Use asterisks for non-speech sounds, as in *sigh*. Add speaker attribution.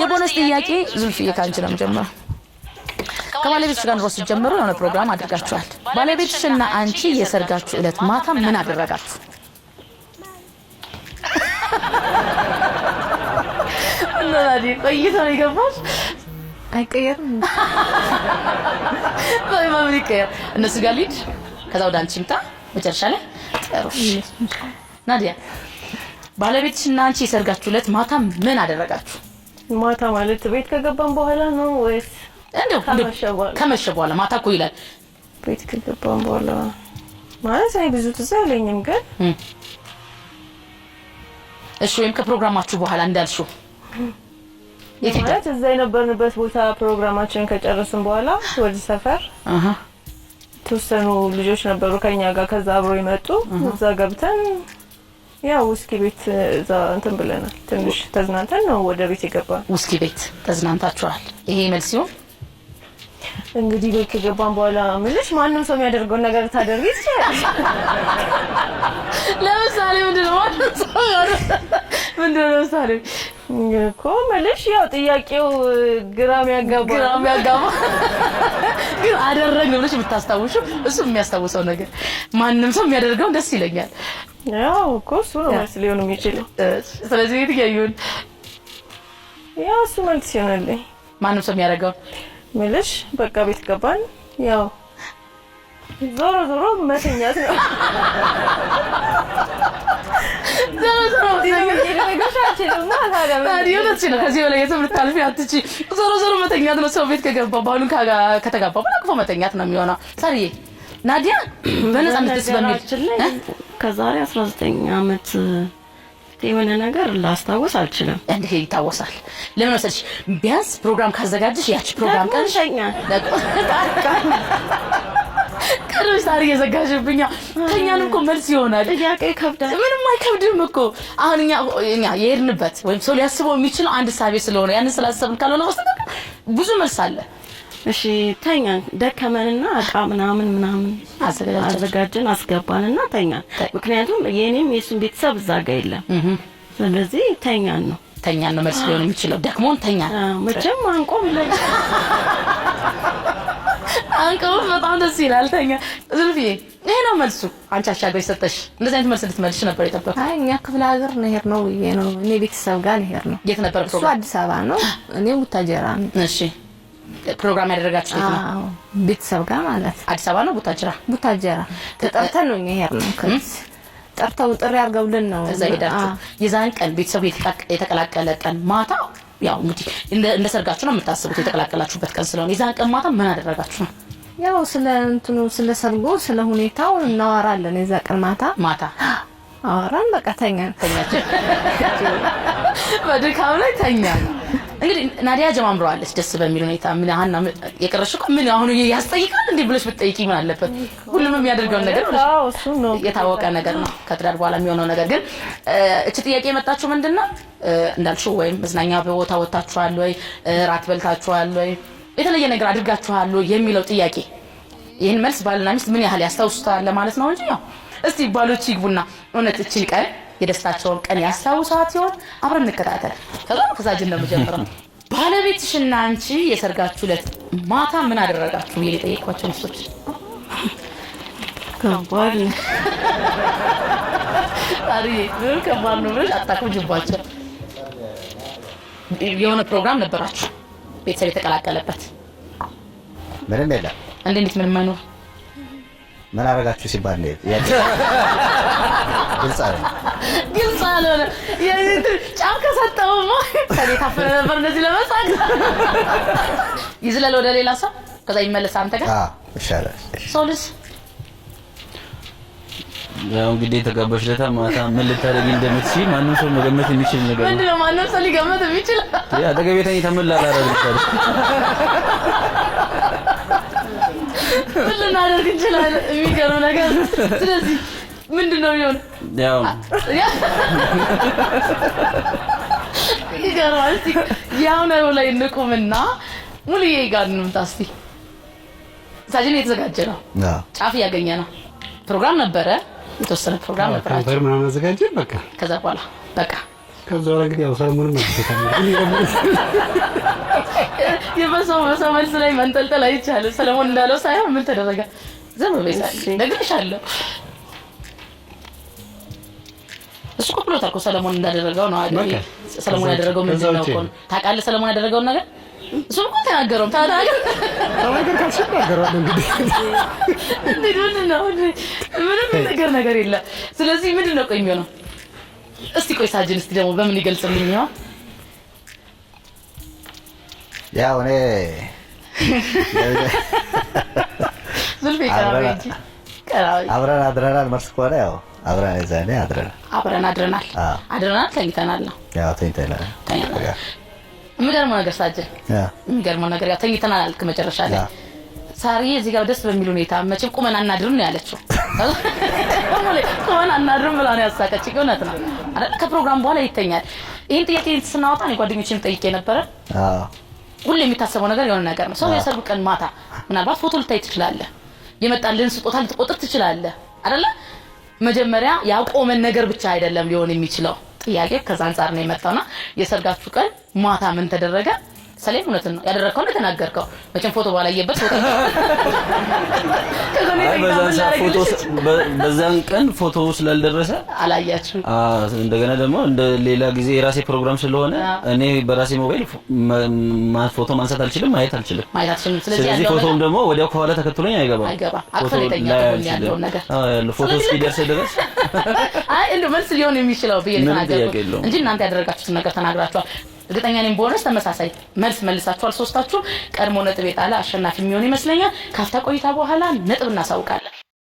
Speaker 1: የቦነስ ጥያቄ ዙልፍዬ ከአንቺ ነው የምጀምረው። ከባለቤትሽ ጋር ኑሮ ስትጀምሩ የሆነ ፕሮግራም አድርጋችኋል። ባለቤትሽና አንቺ የሰርጋችሁ እለት ማታ ምን አደረጋችሁ? ቆይታ ነው የገባሽ። አይቀየርም። በምን ይቀየር? እነሱ ጋር ልሂድ፣ ከዛ ወደ አንቺ ምጣ። መጨረሻ ላይ ጥሩ ናዲያ፣ ባለቤትሽና አንቺ የሰርጋችሁ እለት ማታ ምን አደረጋችሁ?
Speaker 2: ማታ ማለት ቤት ከገባን በኋላ ነው ወይስ
Speaker 1: እንደው ከመሸ በኋላ? ማታ እኮ ይላል
Speaker 2: ቤት ከገባን በኋላ ማለት። አይ ብዙ ትዝ አይለኝም ግን
Speaker 1: እሺ። ወይም ከፕሮግራማችሁ በኋላ እንዳልሽው
Speaker 2: ማለት እዛ የነበርንበት ቦታ ፕሮግራማችንን ከጨረስን በኋላ ወደ ሰፈር የተወሰኑ ልጆች ነበሩ ከኛ ጋር ከዛ አብሮ ይመጡ እዛ ገብተን ያው ውስኪ ቤት እዛ እንትን ብለናል። ትንሽ ተዝናንተን ነው ወደ ቤት የገባነው።
Speaker 1: ውስኪ ቤት ተዝናንታችኋል። ይሄ መልስ ሲሆን
Speaker 2: እንግዲህ ቤት ከገባን በኋላ ምልሽ ማንም ሰው የሚያደርገውን ነገር ታደርግ ይችላል።
Speaker 1: ለምሳሌ ምንድነው? ማንም ሰው ምንድነው? ለምሳሌ
Speaker 2: እኮ መልሽ ያው ጥያቄው ግራም ያጋባ
Speaker 1: ግራም ያጋባ *laughs* ግን አደረግ ነው ብለሽ የምታስታውሹ እሱ የሚያስታውሰው ነገር ማንም ሰው የሚያደርገው ደስ ይለኛል።
Speaker 2: ያው እኮ እሱ ነው መልስ ሊሆን የሚችለው።
Speaker 1: ስለዚህ የትያዩን
Speaker 2: ያው እሱ መልስ ይሆናልኝ።
Speaker 1: ማንም ሰው የሚያደርገው
Speaker 2: መልሽ በቃ ቤት ገባን። ያው ዞሮ ዞሮ መተኛት ነው። *laughs*
Speaker 1: ዞሮ ዞሮ ከዚህ በላይ የትም ልታልፊ አትቺ። ዞሮ ዞሮ መተኛት ነው። ሰው ቤት ከገባ ባሉን ከተጋባ አቅፎ መተኛት ነው የሚሆነው። ሳርዬ ናዲያ በነፃነት ደስ በሚል
Speaker 2: ከዛሬ 19 ዓመት የሆነ ነገር ላስታወስ አልችልም።
Speaker 1: እንዴ ይታወሳል። ለምን መሰለሽ ቢያንስ ፕሮግራም ካዘጋጀሽ ያቺ ፕሮግራም ቀን ቀረሽ ዛሬ የዘጋሽብኛ ከኛንም እኮ መልስ ይሆናል።
Speaker 2: ጥያቄ ይከብዳል።
Speaker 1: ምንም አይከብድም እኮ አሁን እኛ የሄድንበት ወይም ሰው ሊያስበው የሚችለው አንድ ሳቤ ስለሆነ ያንን ስላሰብን ካልሆነ ብዙ መልስ አለ።
Speaker 2: እሺ ተኛ ደከመንና እቃ ምናምን ምናምን አዘጋጀን አስገባንና ተኛ ምክንያቱም የኔም የሱን ቤተሰብ እዛ ጋ የለም። ስለዚህ ተኛን ነው
Speaker 1: ተኛን ነው መልስ ሊሆን የሚችለው ደክሞን ተኛ።
Speaker 2: መቼም አንቆም *laughs*
Speaker 1: አቀውም በጣም ደስ ይላል። ተኛ ዝልፍዬ፣ ይሄ ነው መልሱ። አንቺ አሻገሽ ሰጠሽ። እንደዚህ አይነት መልስ ልትመልሽ ነበር የጠበኩት።
Speaker 2: አይ እኛ ክፍለ ሀገር ነሄር ነው ብዬ ነው እኔ ቤተሰብ ጋር ነሄር ነው የት ነበር ፕሮግራም? እሱ አዲስ አበባ ነው፣ እኔ ቡታጀራ ነው።
Speaker 1: እሺ ፕሮግራም ያደረጋችሁ
Speaker 2: ነው? ቤተሰብ ጋር ማለት
Speaker 1: አዲስ አበባ ነው ቡታጀራ?
Speaker 2: ቡታጀራ ተጠርተን ነው እኛ ነው ከዚህ ጠርተው ጥሪ አድርገውልን ነው
Speaker 1: እዛ ሄዳችሁ። የዛን ቀን ቤተሰቡ የተቀላቀለ ቀን ማታ ያው እንግዲህ እንደ ሰርጋችሁ ነው የምታስቡት የተቀላቀላችሁበት ቀን ስለሆነ የዛን ቀን ማታ ምን አደረጋችሁ ነው?
Speaker 2: ያው ስለ እንትኑ ስለ ሰርጎ ስለ ሁኔታው እናወራለን። የዛ ቀን ማታ ማታ አወራን። በቃ ተኛ
Speaker 1: በድካም ላይ ተኛ። እንግዲህ ናዲያ ጀማምረዋለች ደስ በሚል ሁኔታ። ምን ሀና የቀረሽ እኮ ምን አሁን ያስጠይቃል እንዴ ብለሽ ብትጠይቂ ምን አለበት? ሁሉም የሚያደርገውን ነገር እሱ ነው የታወቀ ነገር ነው፣ ከትዳር በኋላ የሚሆነው ነገር። ግን እች ጥያቄ የመጣችው ምንድን ነው እንዳልሽው፣ ወይም መዝናኛ ቦታ ወጥታችኋል ወይ ራት በልታችኋል ወይ የተለየ ነገር አድርጋችኋል የሚለው ጥያቄ ይህን መልስ ባልና ሚስት ምን ያህል ያስታውሱታል ለማለት ነው እንጂ ያው እስቲ ባሎች ይግቡና እውነት እችን ቀን የደስታቸውን ቀን ያስታውሳት ሲሆን አብረን እንከታተል። ከዛ ከዛጅን ነው የምጀምረው። ባለቤትሽና አንቺ የሰርጋችሁ ዕለት ማታ ምን አደረጋችሁ ብዬ የጠየኳቸው ሚስቶች ከባድ ነው ብለሽ አታውቅም። ጅባቸው የሆነ ፕሮግራም ነበራችሁ ቤተሰብ የተቀላቀለበት ምንም የለም። እንዴት ምን አይኖር
Speaker 3: ምን አረጋችሁ ሲባል ነው ግልጽ አለ
Speaker 1: ግልጽ አለ። ጫፍ ከሰጠው ታፈነ ነበር እንደዚህ ለመሳቅ ይዝለል ወደ ሌላ ሰው ከዛ ይመለስ አንተ ጋር ይሻላል ሰው ልጅ
Speaker 4: ያው እንግዲህ የተጋባሽ ዕለት ማታ ምን ልታደርጊ እንደምትችይ ማንም ሰው መገመት የሚችል ነገር
Speaker 1: ነው። ማንም ሰው ሊገመት የሚችል
Speaker 4: ያ አጠገቤ ተኝተመላ አላደርግም።
Speaker 1: ምን ልናደርግ እንችላለን? የሚገርም ነገር። ስለዚህ ምንድነው ነው የሚሆን? ያው ይገርማል። እስቲ ያው ነው ላይ እንቁምና ሙሉዬ ጋር እንምጣ እስኪ። ሳጅን የተዘጋጀ ነው፣ ጫፍ እያገኘ ነው። ፕሮግራም ነበረ የተወሰነ ፕሮግራም ነበራቸው
Speaker 4: ምናምን አዘጋጀን። በቃ
Speaker 1: ከዛ በኋላ በቃ
Speaker 4: ከዛ በኋላ እንግዲህ ያው ሰለሞን
Speaker 1: የበሰው በሰው መልስ ላይ መንጠልጠል አይቻልም። ሰለሞን እንዳለው ሳይሆን ምን ተደረገ ዘም በይሳል ነግሬሻለሁ። እሱ እኮ ብሎታል እኮ ሰለሞን እንዳደረገው ነው አይደል? ሰለሞን ያደረገው ምንድን ነው እኮ ታውቃለህ? ሰለሞን ያደረገውን ነገር እሱ እኮ ተናገረው ተናገር
Speaker 4: ካልሽ ተናገረዋል። እንግዲህ
Speaker 1: እንዴት ምንድን ነው ምንም ነገር ነገር የለም። ስለዚህ ምንድን ነው ቆይ የሚሆነው? እስቲ ቆይ ሳጅን እስቲ ደግሞ በምን ይገልጽልኝ ይሆን?
Speaker 3: ያው እኔ አብረን አድረናል። መርስ ከሆነ ያው አብረን እዛ እኔ አድረናል
Speaker 1: አብረን አድረናል አድረናል ተኝተናል ነው
Speaker 3: ያው ተኝተናል
Speaker 1: የሚገርመው ነገር ሳጀ የሚገርመው ነገር ያው ተኝተናል አልክ መጨረሻ ላይ ሳርዬ እዚህ ጋር ደስ በሚል ሁኔታ መቼም ቁመን አናድርም ነው ያለችው። ቁመን አናድርም ብላ ነው ያሳቀች። እውነት ነው። ከፕሮግራም በኋላ ይተኛል። ይህን ጥያቄ ስናወጣ እኔ ጓደኞችን ጠይቄ ነበረ። ሁሉ የሚታሰበው ነገር የሆነ ነገር ነው። ሰው የሰርጉ ቀን ማታ ምናልባት ፎቶ ልታይ ትችላለህ፣ የመጣልን ስጦታ ልትቆጥር ትችላለህ አይደለ? መጀመሪያ ያቆመን ነገር ብቻ አይደለም ሊሆን የሚችለው ጥያቄ ከዛ አንጻር ነው የመጣውና የሰርጋችሁ ቀን ማታ ምን ተደረገ? ሰሌም እውነትን ነው ያደረግከው፣ እንደተናገርከው መቼም ፎቶ ባላየበት ፎቶ
Speaker 4: በዛን ቀን ፎቶ ስላልደረሰ አላያችሁ። እንደገና ደግሞ እንደ ሌላ ጊዜ የራሴ ፕሮግራም ስለሆነ እኔ በራሴ ሞባይል ፎቶ ማንሳት አልችልም፣ ማየት አልችልም። ስለዚህ ፎቶም ደግሞ ወዲያው ከኋላ ተከትሎኝ አይገባም። ፎቶ እስኪደርስ ድረስ
Speaker 1: መልስ ሊሆን የሚችለው ብዬ ተናገርኩት እንጂ እናንተ ያደረጋችሁትን ነገር ተናግራችኋል። እርግጠኛ ነኝ በሆነስ ተመሳሳይ መልስ መልሳችኋል ሶስታችሁ። ቀድሞ ነጥብ የጣለ አሸናፊ የሚሆን ይመስለኛል። ካፍታ ቆይታ በኋላ ነጥብ እናሳውቃለን።